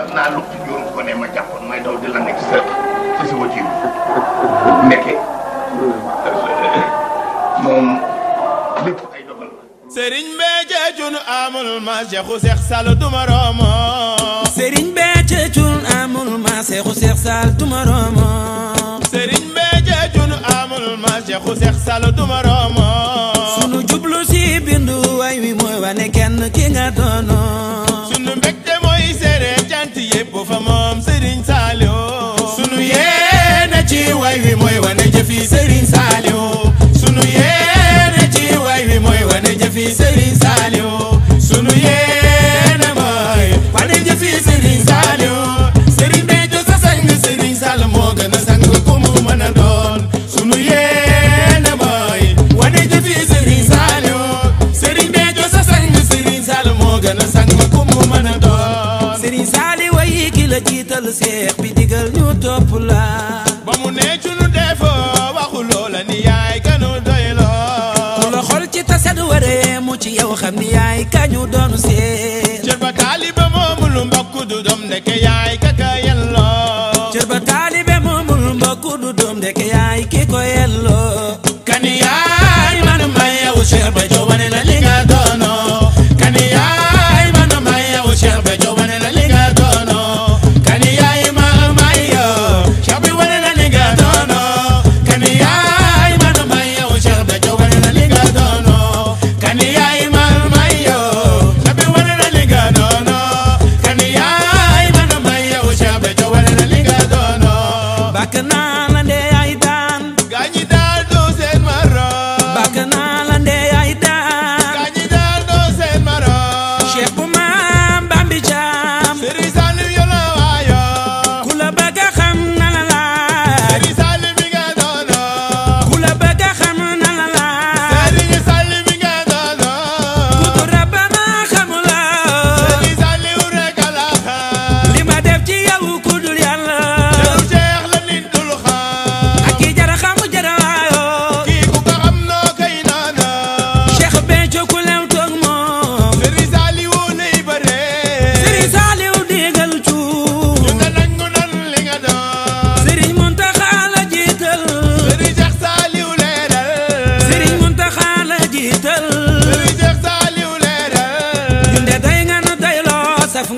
am naa lu juróom amul ma Seexu Seex Sall du ma romo. Serigne Béthio Thioune amul ma Seexu Seex Sall du ma romo. Serigne Béthio Thioune amul ma Seexu Seex Sall du ma romo. sunu jublu si bindu way wi mooy wane kenn ki nga doono la jiital seex bi digal ñu topp la ba mu ne ci defoo waxuloo la ni yaay kanu doyloo ku la xol ci taset waree mu ci yow xam ni yaay kañu doonu seex cër ba taaliba moomu lu mbokk du doom ndeke yaay kaka yelloo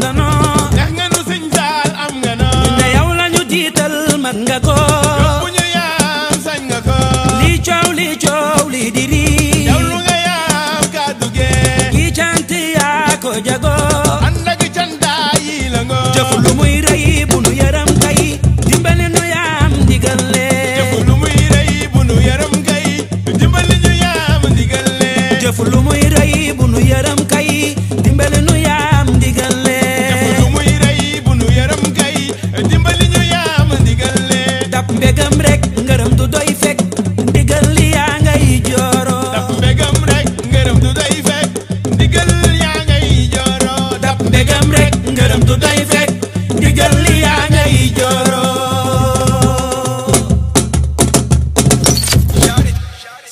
nga noo neex nga nu sëñ saal am nga noo ñu ne yow la ñu jiital mat nga ko bu ñu yaam sañ nga ko lii coow lii coow lii di rii yow lu nga yaam kàddu gee kii cant yaa ko jago ànd ak cant yi la ngoo jëf lu muy rëy bu nu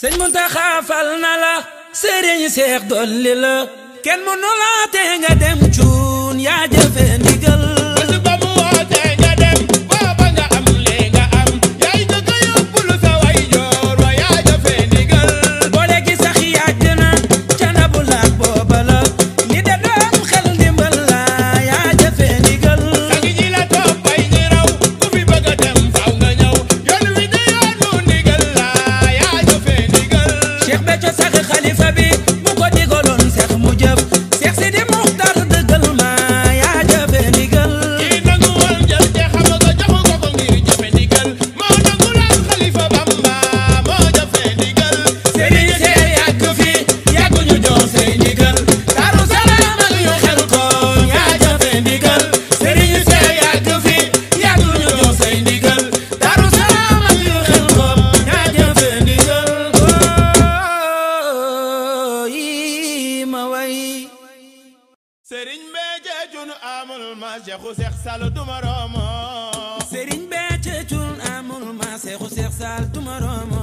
sëñ Muntaxa fal na la sëriñ Seex dolli la kenn mënu la te nga dem cuun yaa jëfe ndigal سرین بچه جون آموز مسج یخو سخت سال دم سرین بچه جون آموز مسج یخو سخت سال دم